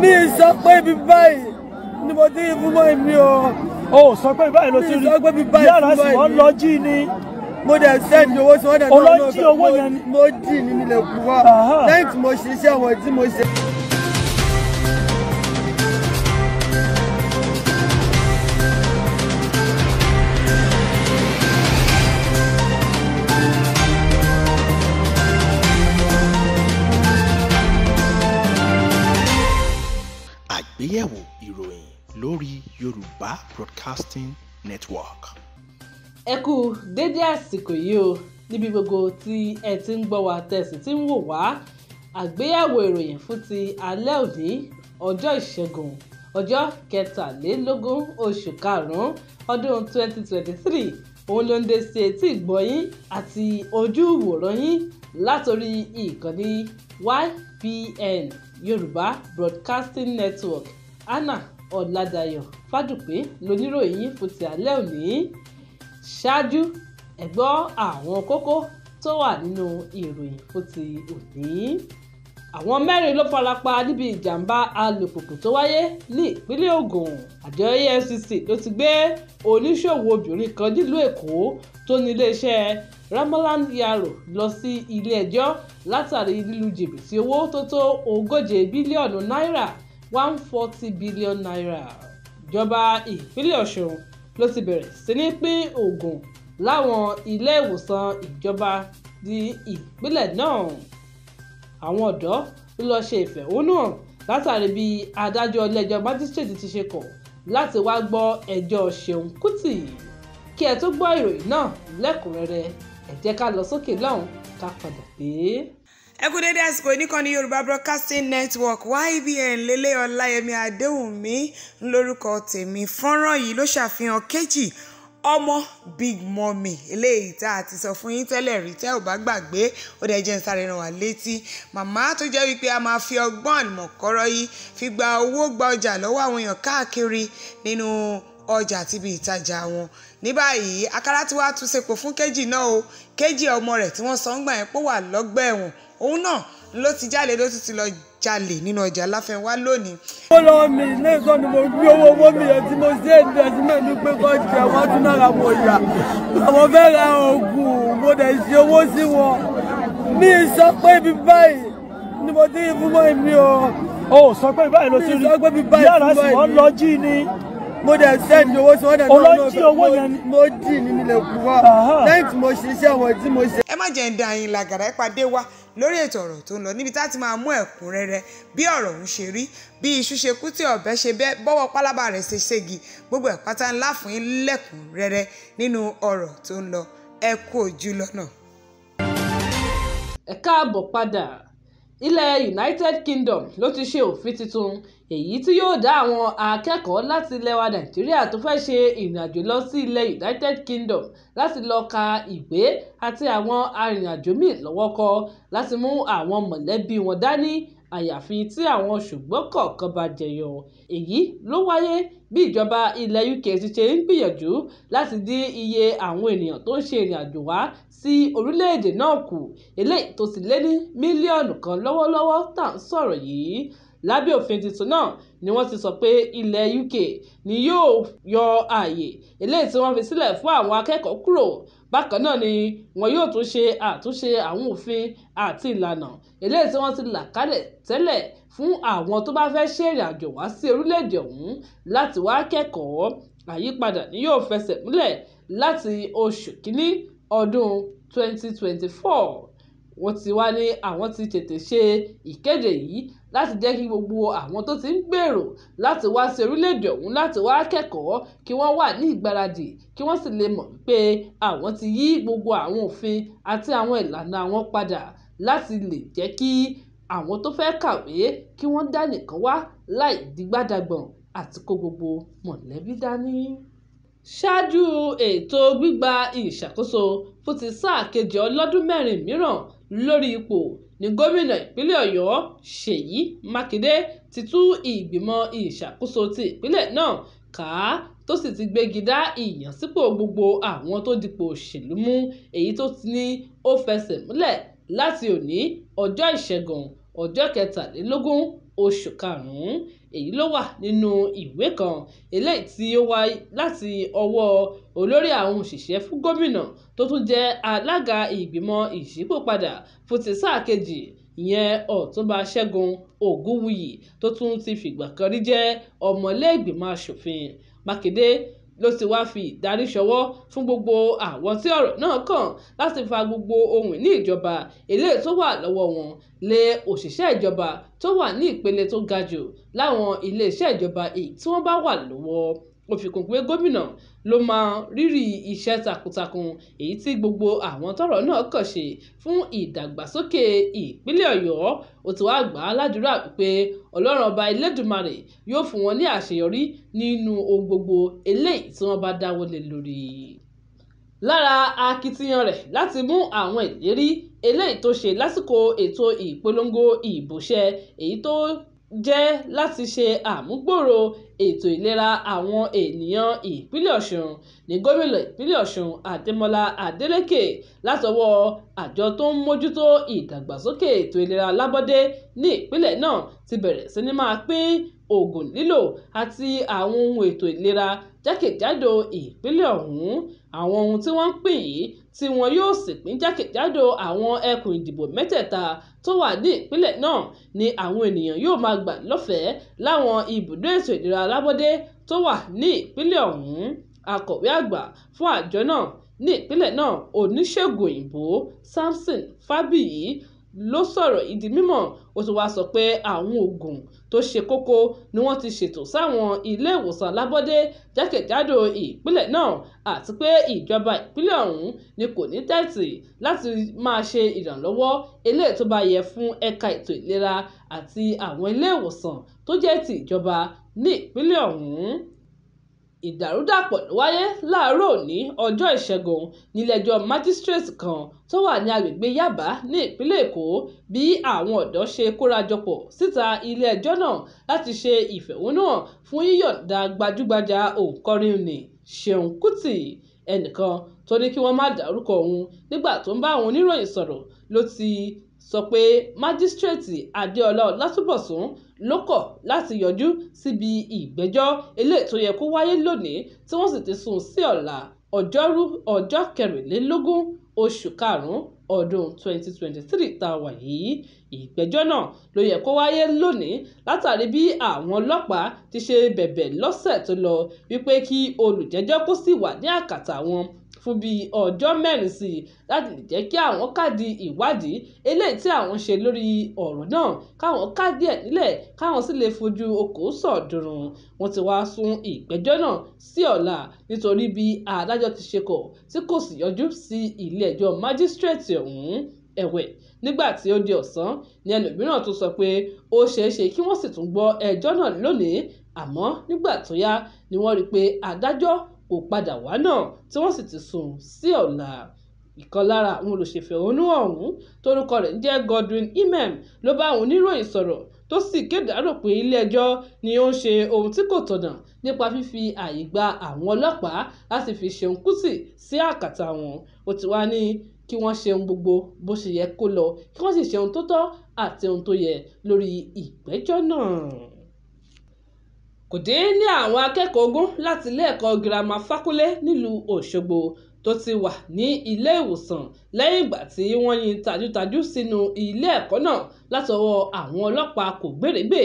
mi sọ pé ibi báyìí ni mo dín ibú mọ́ mi o. o sọ pé báyìí ló ti rí yàrá sì wọ́n lọ jí ni mo dẹ̀ sẹ́ni owó sí wọ́n dẹ̀ náà mo jí ni nílẹ̀ kú lẹ́yìn tí mo ṣiṣẹ́ wọn tí mo ṣe. àgbéyẹ̀wò ìròyìn lórí Yorùbá Broadcasting Network. ẹ kú dédé àsìkò yìí o níbi gbogbo tí ẹ ti ń gbọ́ wa tẹ̀sí tí ń wò wá àgbéyẹ̀wò ìròyìn fún ti alẹ́ òní ọjọ́ ìṣẹ́gun ọjọ́ kẹtàlélógún oṣù karùn-ún ọdún 2023 òun ló ń dé sí etí ìgbọ́ àti ojú ìwòran yín látòrí ìkànnì YPN Yorùbá Broadcasting Network hannah ọ̀làdàyọ̀ fàdùpé lóníròyìn yín fún ti alẹ́ òní ṣáájú ẹ gbọ́ àwọn kókó tó wà nínú ìròyìn fún òní àwọn mẹ́rin ló farapa níbi ìjàmbá alùpùpù tó wáyé ní ìpínlẹ̀ Ògùn àjọ EFCC ló ti gbé oníṣòwò obìnrin kan nílùú Èkó tó ní iléeṣẹ́ Ramaland Yaro lọ sí ilé-ẹjọ́ látàrí lílu jìbìtì owó tó tó ogóje bílíọ̀nù náírà one forty billion naira ìjọba ìpínlẹ̀ Ọ̀ṣun ló ti bẹ̀rẹ̀ sí ní pín oògùn láwọn ilé ìwòsàn ìjọba di ìpínlẹ̀ náà àwọn ọ̀dọ́ ló lọ́ọ́ ṣe ìfẹ̀hónúhàn látàrí bí adájọ́ ilé-ẹjọ́ májísírèètì ti ṣe kọ̀ láti wá gbọ́ ẹjọ́ Ṣeun Kútì kí ẹ tó gbọ́ ìròyìn náà lẹ́kùnrẹ́rẹ́ ẹ jẹ́ ká lọ sókè lọ́hùn ká padà dé. ẹ kú dédé àsìkò ìníkànnì Yorùbá Broadcasting Network YBN lélẹ́ Ọláyẹmí Adéwùnmí lórúkọ tèmi fọ́nrán yìí ló ṣàfihàn kéjì ọmọ big mummy eléyìí tá a ti sọ fún yín tẹ́lẹ̀ rí tẹ́ ò bá gbàgbé ó dẹ̀ jẹ́ sáré ràn wá létí màmá tó jẹ́ wípé a máa fi ọgbọ́n àlùmọ̀kọ́rọ́ yìí fi gba owó gba ọjà lọ́wọ́ àwọn èèyàn káàkiri nínú. No ọjà àti ibi ìtajà wọn ní báyìí akárá tí wàá tún ṣepò fún kejì náà o kejì ọmọ rẹ̀ tí wọ́n sọ ń gbà yẹn pé wà lọ́gbà ẹ̀wọ̀n òun náà ló ti jáde ló ti lọ jalè nínú ọjà láfẹnwá lónìí. ó lọ mi lẹ́sàn-án mo gbé owó owó mi yẹn tí mo ṣe é dẹ̀ sí mẹ́rin pé kọ́ jẹ́ wọ́n tún náà mo yà àwọn fẹ́ ra oògùn mo dẹ̀ ṣe owó sí wọn mi sọ pé ibi báyìí ni mo dín ìfúnmọ́ mi o. o sọ pé báyìí ló ti rí yàrá sì wọ́n lọ jí ni mo dẹ̀ sẹ́ni owó tí wọ́n dẹ̀ náà náà mo dì ní nílẹ̀ kúrọ́ lẹ́yìn tí mo ṣiṣẹ́ wọ̀ tí mo ṣe. ẹ má jẹ́ ń da yín làgàrà ẹ pàdé wa lórí ètò ọ̀rọ̀ tó ń lọ níbi tá a ti máa mú ẹ̀kúnrẹ́rẹ́ bí ọ̀rọ̀ ọ̀hún ṣe rí bí iṣu ṣe kú tí ọ̀bẹ ṣe bẹ́ bọ́wọ́ pálábà rẹ̀ ṣe ṣégi gbogbo ẹ̀ pátá ńlá fún yín lẹ́kùnrẹ́rẹ́ nínú ọ̀rọ̀ tó ń lọ ẹ kú ojú lọ́nà. ẹ káàbọ̀ padà ilẹ̀ United Kingdom ló ti ṣe òfin tuntun èyí tí yóò dá àwọn akẹ́kọ̀ọ́ láti ilẹ̀ wa nàìjíríà tó fẹ́ ṣe ìrìnàjò lọ sí ilẹ̀ united kingdom láti lọ́ọ ka ìwé àti àwọn arìnrìnàjò míì lọ́wọ́ kò láti mú àwọn mọ̀lẹ́bí wọn dání àyàfi tí àwọn ṣùgbọ́n kọ̀ọ̀kan bá jẹyọ èyí ló wáyé bí ìjọba ilẹ̀ uk ti ṣe ń gbìyànjú láti dín iye àwọn ènìyàn tó ń ṣe ìrìnàjò wá sí orílẹ̀-èdè náà kù eléyìí tó sì lé ní mílíọ̀nù kan lọ́wọ́lọ́wọ́ tá à ń sọ̀rọ̀ yìí lábẹ́ òfin tuntun náà ni wọ́n ti sọ pé ilẹ̀ uk ni yóò yọ ààyè eléyìí tí wọ́n fi sílẹ̀ fún àwọn akẹ́kọ̀ọ́ kúrò bákan náà ni wọn yóò tún ṣe àtúnṣe àwọn òfin àti ìlànà eléyìí tí wọ́n ti là kalẹ̀ tẹ́lẹ̀ fún àwọn tó bá fẹ́ ṣe ìrìnàjò wá sí orílẹ̀-èdè ọ̀hún láti wá kẹ́kọ̀ọ́ àyípadà ni yóò fẹsẹ̀ múlẹ̀ láti oṣù kínní ọdún 2024 wọ́n ti wá ní àwọn ti tètè ṣe ìkéde yìí láti jẹ́ kí gbogbo àwọn tó ti ń gbèrò láti wá sí orílẹ̀-èdè ọ̀hún láti wá kẹ́kọ̀ọ́ kí wọ́n wà ní ìgbáradì kí wọ́n sì lè mọ̀ pé àwọn ti yí gbogbo àwọn òfin àti àwọn ìlànà àwọn padà láti lè jẹ́ kí àwọn tó fẹ́ kàwé kí wọ́n dánìkan wà láì dìgbàdàgbọ̀n àti kó gbogbo mọ̀lẹ́bí dání ṣáájú ètò gbígba ìṣàkóso fún ti sáà kejì ọlọ́dún mẹ́rin mìíràn lórí ipò ní gómìnà ìpínlẹ̀ ọ̀yọ́ ṣèyí mákindé ti tú ìgbìmọ̀ ìṣàkóso ti ìpínlẹ̀ náà ká tó sì ti gbégi dá ìyànsípò gbogbo àwọn tó dipò òṣèlú mú èyí tó ní ó fẹsẹ̀ múlẹ̀ láti òní ọjọ́ ìṣẹ́gun ọjọ́ kẹtàlélógún oṣù karùn-ún èyí ló wà nínú ìwé kan eléyìí tí ó wá láti ọwọ́ olórí àwọn òṣìṣẹ́ fún gómìnà tó tún jẹ́ alága ìgbìmọ̀ ìṣípòpadà fún ti sáà kejì ìyẹn ọ̀túnba ṣẹ́gun ògúnwùyí tó tún ti fìgbà kan rí jẹ́ ọmọlẹ́gbìmọ̀ asòfin mákindé ló ti wáá fi ìdarí ṣọwọ́ fún gbogbo àwọn tí ọ̀rọ̀ náà kàn láti fa gbogbo ohun ìní ìjọba eléyìí tó wà lọ́wọ́ wọn lé òṣìṣẹ́ ìjọba tó wà ní ìpele tó ga jù láwọn iléeṣẹ́ ìjọba èyí tí wọ́n bá wà lọ́wọ́ ó fi kún pé gómìnà ló mọ rírì iṣẹ́ takuntakun èyí tí gbogbo àwọn tọ́rọ̀ náà kàn ṣe fún ìdàgbàsókè ìpínlẹ̀ ọ̀yọ́ ó ti wáá gbà á ládùúrà pé ọlọ́run ọba elédùmarè yóò fún wọn ní àṣeyọrí nínú ohun gbogbo eléyìí tí wọ́n bá dáwọ́ lé lórí lára akitiyan rẹ̀ láti mú àwọn ìlérí eléyìí tó ṣe lásìkò ètò ìpolongo ìbò ṣẹ èyí tó jẹ́ láti ṣe àmúgbòòrò ètò ìlera àwọn ènìyàn ìpínlẹ̀ ọ̀sùn ní gómìnà ìpínlẹ̀ ọ̀sùn adémọlá adeleke látọwọ́ àjọ tó ń mójútó ìdàgbàsókè ètò ìlera lábọ́dé ní ìpínlẹ̀ náà ti bẹ̀rẹ̀ sí ní máa pín oògùn lílò àti àwọn ohun ètò ìlera jákèjádò ìpínlẹ̀ ọ̀hún àwọn ohun tí wọ́n ń pín yìí tí wọn yóò sì pín jákèjádò àwọn ẹkùn ìdìbò mẹ́tẹ̀ẹ̀ta tó wà ní ìpínlẹ̀ náà ni àwọn ènìyàn yóò máa gbà lọ́fẹ̀ẹ́ láwọn ibùdó ètò ìlera alábọ́dé tó wà ní ìpínlẹ̀ ọ̀hún akọ̀wé àgbà fún àjọ náà ní ìpínlẹ̀ náà oníṣègùn òyìnbó samson fábíyì ló sọ̀rọ̀ yìí di ó tún wáá sọ pé àwọn oògùn tó ṣe kókó ni wọ́n ti ṣètò sáwọn iléèwòsàn alábọ́dé jákèjádò ìpínlẹ̀ náà àti pé ìjọba ìpínlẹ̀ ọ̀hún ni kò ní tẹ́tí láti máa ṣe ìrànlọ́wọ́ eléyìí tó bá yẹ fún ẹ̀ka ètò ìlera àti àwọn iléèwòsàn tó jẹ́ ti ìjọba ní ìpínlẹ̀ ọ̀hún ìdàrúdàpọ̀ ló wáyé láàárọ̀ òní ọjọ́ ìṣẹ́gun nílẹ̀-ẹjọ́ májísrèètì kan tó wà ní àgbègbè yaba ní ìpínlẹ̀ èkó bí àwọn ọ̀dọ́ ṣe kórajọpọ̀ síta ilé-ẹjọ́ náà láti ṣe ìfẹ̀hónúhàn fún yíyọ̀ǹda gbajúgbajà òǹkọrin nni ṣeun kútì ẹnìkan tó ní kí wọ́n má dárúkọ òun nígbà tó ń bá àwọn oníròyìn sọ̀rọ̀ ló ti sọ pé májísrèétì adéọlá ọlátúnbọ̀sùn ló kọ̀ láti yọjú síbi ìgbẹ́jọ́ eléyìí tó yẹ kó wáyé lónìí tí wọ́n sì ti sún sí ọ̀la ọjọ́rú ọjọ́ kẹrìnlélógún oṣù karùn-ún ọdún 2023 tá a wà yìí ìgbẹ́jọ́ náà ló yẹ kó wáyé lónìí látàrí bí àwọn ọlọ́pàá ti ṣe bẹ̀bẹ̀ lọ́sẹ̀ tó lọ wípé kí olùjẹ́jọ́ kó sì wà ní àkàtà wọn fún bíi ọjọ́ mẹ́rin sí i láti lè jẹ́ kí àwọn kádìí ìwádìí eléyìí tí àwọn ṣe lórí ọ̀rọ̀ náà káwọn kádìí ẹ̀ nílẹ̀ káwọn sì lè fojú okòó sọ̀dùrùn wọ́n ti wáá sún ìgbẹ́jọ́ náà sí ọ̀la nítorí bí adájọ́ ti ṣe kọ̀ tí kò sì yọjú sí ilé-ẹjọ́ májísrèètì ọ̀hún ẹ̀wẹ̀ nígbà tí ó di ọ̀sán ni ẹlòmíràn tó sọ pé ó ṣeé ṣe kí wọ́n sì tún gbọ́ ẹjọ́ náà lónìí àmọ́ nígbà tó yá ni wọ́n rí i pé adájọ́ kò padà wá náà tí wọ́n sì ti sún sí ọ̀la ìkan lára àwọn olùṣèfẹ̀hónú ọ̀hún torúkọ rẹ̀ ń jẹ́ Godwin Emem ló bá àwọn oníròyìn sọ̀rọ̀ tó sì kéde àárò pé ilé-ẹjọ́ ni ó ń ṣe ohun tí kò tọ̀nà nípa fífi ààyè gba àwọn ọlọ́pàá láti fi Ṣeun Kùtì sí àkàtà wọn ó ti wá ní kí wọ́n ṣe ohun gbogbo bó ṣe yẹ kó lọ kí wọ́n sì ṣe ohun tó tọ́ àti ohun tó yẹ lórí ìgbẹ́jọ́ náà kò dín ní àwọn akẹ́kọ̀ọ́ ogún láti iléẹ̀kọ́ girama fakúnlé nílùú ọ̀ṣọ́gbó tó ti wà ní ilé-ìwòsàn lẹ́yìn ìgbà tí wọ́n yin tajútajú sínú ilé-ẹ̀kọ́ náà látọwọ́ àwọn ọlọ́pàá kògbérègbè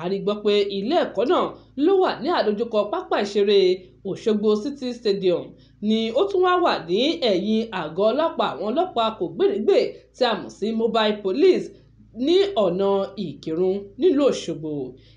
a rí gbọ́ pé ilé-ẹ̀kọ́ náà ló wà ní àdójúkọ pápá ìṣeré ọ̀ṣọ́gbó city stadium ni ó tún wá wà ní ẹ̀yìn àgọ́ ọlọ́pàá àwọn ọlọ́pàá kògbérègbè tí a mọ̀ sí mobile police ní ọ̀nà ìkírùn nílùú ọ̀ṣọ́gbó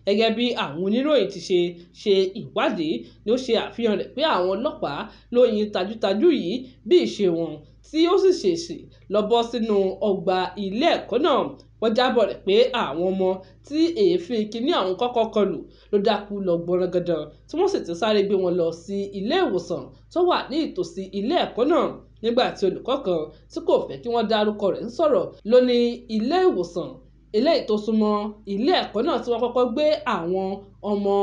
gẹ́gẹ́ bí àwọn oníròyìn ti ṣe ṣe ìwádìí ni ó ṣe àfihàn rẹ̀ pé àwọn ọlọ́pàá ló yin tajútajú yìí bí ìṣe wọn tí ó sì ṣèṣì lọ bọ́ sínú ọgbà ilé ẹ̀kọ́ náà wọ́n jábọ̀ rẹ̀ pé àwọn ọmọ tí èéfín kínní àwọn kọ́kọ́ kọlù ló dákú lọ gbọ́nrán gandan tí wọ́n sì ti sáré gbé wọn lọ sí ilé ìwòsàn tó wà ní ìtòsí ilé ẹ̀kọ́ náà nígbà tí olùkọ́ kan tí kò fẹ́ kí wọ́n dárúkọ rẹ̀ ń sọ̀rọ̀ ló ní ilé ìwòsàn eléyìí tó súnmọ́ ilé ẹ̀kọ́ náà tí wọ́n kọ́kọ́ gbé àwọn ọmọ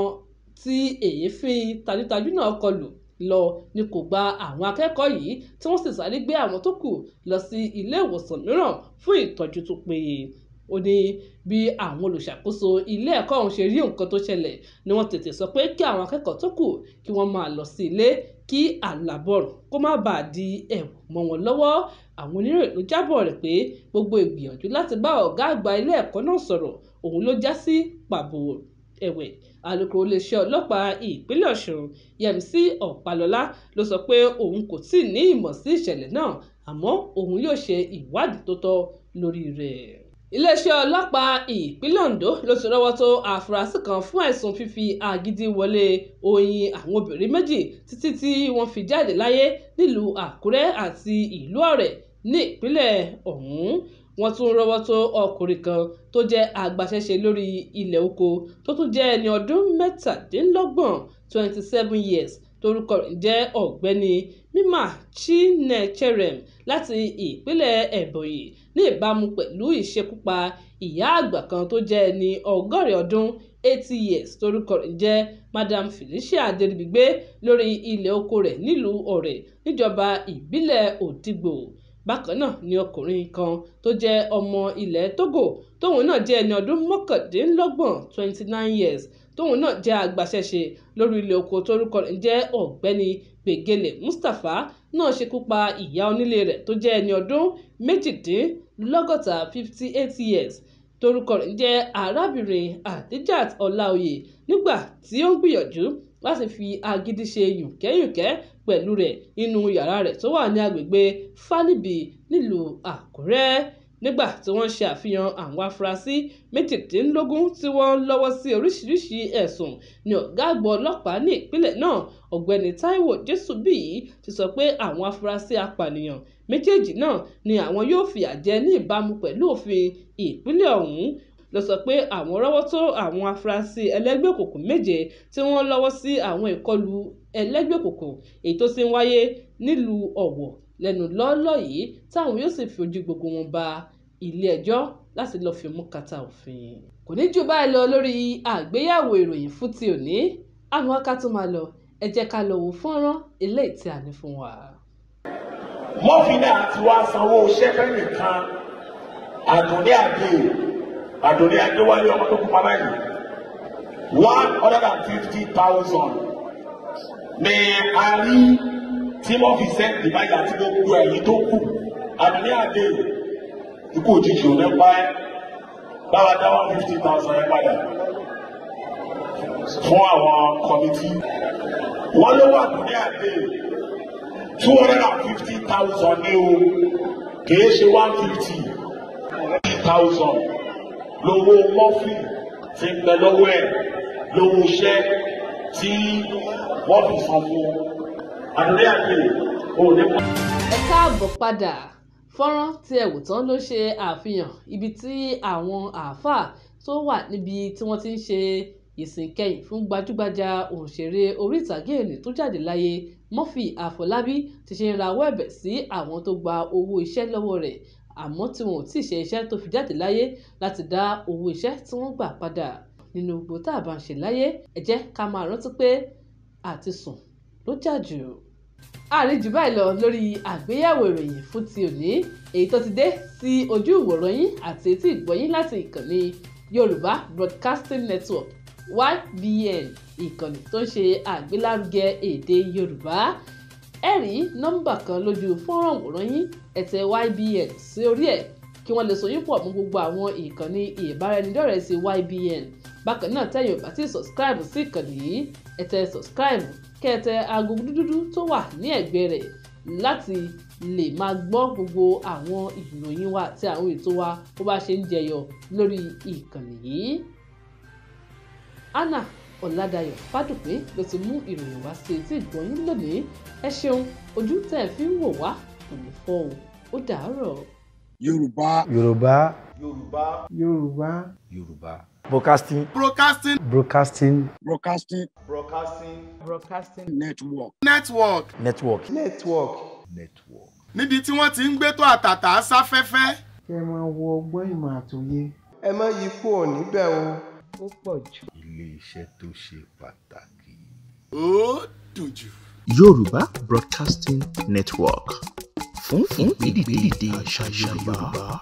tí èéfín tajútajú náà kọlù lọ ni kò gba àwọn akẹ́kọ̀ọ́ yìí tí wọ́n sì sáré gbé àwọn tó kù lọ sí ilé ìwòsàn mìíràn fún ìtọ́jú tó péye ó ní bí àwọn olùṣàkóso ilé ẹ̀kọ́ ọ̀hún ṣe rí nǹkan tó ṣẹlẹ̀ ni wọ́n tètè sọ pé kí àwọn akẹ́kọ̀ọ́ tó kù kí wọ́n máa lọ sí ilé kí àlàbọ̀rọ̀ kó má bàa di ẹ̀wù mọ́ wọn lọ́wọ́ àwọn oníròyìn ló jábọ̀ rẹ̀ pé gbogbo ìgbìyànjú láti bá ọ̀gá àgbà ilé ẹ̀kọ́ náà sọ̀rọ̀ òun ló já sí pàbó ẹ̀wẹ̀ alūkkóró iléeṣẹ́ ọlọ́pàá ìpínlẹ̀ ọ̀ṣun yẹmísí ọ̀pálọ́lá ló sọ pé òun kò tíì ní ìmọ̀ sí ìṣẹ̀lẹ̀ náà àmọ́ òun yóò ṣe ìwádìí tó tọ́ lórí rẹ̀ iléeṣẹ́ ọlọ́pàá ìpínlẹ̀ ondo ló ti rọ́wọ́ tó àfúrásì kan fún ẹ̀sùn fífi agídí wọlé oyin àwọn obìnrin méjì títí tí wọ́n fi jáde láyé nílùú àkúrẹ́ àti ìlú ọ̀rẹ́ ní ìpínlẹ̀ ọ̀hún wọ́n tún rọ́wọ́ tó ọkùnrin kan tó jẹ́ agbaṣẹ́ṣe lórí ilẹ̀ oko tó tún jẹ́ ẹni ọdún mẹ́tàdínlọ́gbọ̀n twenty seven years torúkọ rẹ̀ jẹ́ ọ̀gbẹ́ni mima chinecherem láti ìpínlẹ̀ ebonyi ní ìbámu pẹ̀lú ìṣekúpa ìyá àgbà kan tó jẹ́ ẹni ọgọ́rin ọdún eighty years torúkọ rẹ̀ jẹ́ madam felicia adelebigbe lórí ilẹ̀ oko rẹ̀ nílùú ọ̀rẹ́ níjọba ìbílẹ̀ òdìgbò bákan náà ni ọkùnrin kan tó jẹ́ ọmọ ilẹ̀ togo tóun náà jẹ́ ẹni ọdún mọ́kàndínlọ́gbọ̀n twenty nine years tóun náà jẹ́ agbaṣẹ́ṣe lórí ilé oko tórúkọ rẹ̀ jẹ́ ọ̀gbẹ́ni gbẹ̀gẹ́lẹ̀ mustapha náà ṣekú pa ìyá onílé rẹ̀ tó jẹ́ ẹni ọdún méjìdínlọ́gọ́ta fifty eight years torúkọ rẹ̀ jẹ́ arábìnrin adijat ọláoyè nígbà tí ó ń gbìyànjú láti fi agídí ṣe yùnkẹ́yùnkẹ́ pẹ̀lú rẹ̀ nínú yàrá rẹ̀ tó wà ní agbègbè fálíbì nílùú àkúrẹ́ nígbà tí wọ́n ṣe àfihàn àwọn afurasí méjìdínlógún tí wọ́n lọ́wọ́ sí oríṣiríṣi ẹ̀sùn ni ọ̀gá àgbà ọlọ́pàá ní ìpínlẹ̀ náà ọ̀gbẹ́ni taiwo jésùbíyì ti sọ pé àwọn afurasí apànìyàn méjèèjì náà ni àwọn yóò fìyà jẹ ní ìbámu pẹ̀lú òfin ìpínlẹ̀ ọ̀hún ló sọ pé àwọn rọ́wọ́ tó àwọn afurasí ẹlẹ́gbẹ́ òkùnkùn méje tí wọ́n lọ́wọ́ sí àwọn ìkọlù ẹlẹ́gbẹ́ òkùnkùn èyí tó ti ń wáyé nílùú ọ̀wọ̀ lẹ́nu lọ́ọ́lọ́ yìí táwọn yóò sì fi ojú gbogbo wọn ba ilé-ẹjọ́ láti lọ́ọ́ fi mú kàtà òfin. kò ní jù báyìí lọ lórí àgbéyàwó ìròyìn fún ti òní àwọn akátó máa lọ ẹ jẹ́ ká lọ wo fọ́nrán ilé ìtì àní fún wa. mọ́fìnà àti wàá sanwó ṣẹ́fẹ́ nìkan àdùnní àbí Àdùnní Adéwálé ọmọ tó kú pa báyìí one hundred and fifty thousand ní àrí tí wọ́n fi sẹ́ǹdì báyìí àti gbogbo ẹ̀yìn tó kù Àdùnní Adé ikú òjijì ò ní pa ẹ́ báwa dá one fifty thousand ẹ padà fún àwọn kọ́mítì wọ́n ló wà Àdùnní Adé two hundred and fifty thousand ní o kì í ṣe one fifty thousand lówó kọfí ti ń bẹ lọ́wọ́ ẹ̀ lówó iṣẹ́ tí wọ́n fi san fún un àdúrà àti òde. ẹ káàbọ̀ padà fọ́nrán tí ẹ wò tán ló ṣe àfihàn ibi tí àwọn àáfàá tó wà níbi tí wọ́n ti ń ṣe ìsìn kẹyìn fún gbajúgbajà òṣèré orí ìtàgé ẹni tó jáde láyé Murphy Àfọlábí ti ṣe ń rawọ́ ẹ̀bẹ̀ sí àwọn tó gba owó iṣẹ́ lọ́wọ́ rẹ̀ àmọ́ tí wọn ò tí ì ṣe iṣẹ́ tó fi jáde láyé láti dá owó iṣẹ́ tí wọ́n gbà padà nínú gbogbo tá a bá ń ṣe láyé ẹ jẹ́ ká máa rántí pé àti sùn ló jà jù. àárín jù báyìí lọ lórí àgbéyẹ̀wò ìròyìn fún ti òní èyí tó ti dé sí ojú ìwòran yín àti etí ìgbọ̀yín láti ìkànnì Yorùbá Broadcasting Network YBN ìkànnì tó ń ṣe àgbélárugẹ èdè Yorùbá ẹ rí nọ́mbà kan lójú fọ́nrán òwòrán yín ẹ̀tẹ̀ YBN sí orí ẹ̀ kí wọ́n lè soyún pọ̀ mú gbogbo àwọn ìkànnì ìbáraẹnidọ́rẹ̀ẹ́ sí YBN bákan náà tẹ̀yin ò bá ti subscribe sí ìkànnì yìí ẹ̀tẹ̀ subscribe kẹ̀tẹ̀ aago dúdúdú tó wà ní ẹ̀gbẹ́ rẹ̀ láti lè máa gbọ́ gbogbo àwọn ìròyìn wa àti àwọn ètò wa bó bá ṣe ń jẹyọ lórí ìkànnì yìí. Anna ọ̀làdàyọ̀ fádùpé ló ti mú ìròyìn wá sí etí ìgbọ̀nyín lónìí ẹ ṣeun ojú tẹ́ ẹ fi ń wò wá kò ní fọ́ o ó dàárọ̀. yorùbá yorùbá yorùbá yorùbá broadcasting broadcasting broadcasting broadcasting broadcasting broadcasting network network network network network. níbi tí wọ́n ti ń gbé tó àtàtà sáfẹ́fẹ́. kẹ́ ẹ máa wo ọgbọ́n ìmọ̀ àtòyé. ẹ má yí kúrò níbẹ̀ o ó pọ̀ jù. iléeṣẹ́ tó ṣe pàtàkì. ó dùn jù. Yorùbá Broadcasting Network fún ìgbèdéde àṣà Yorùbá.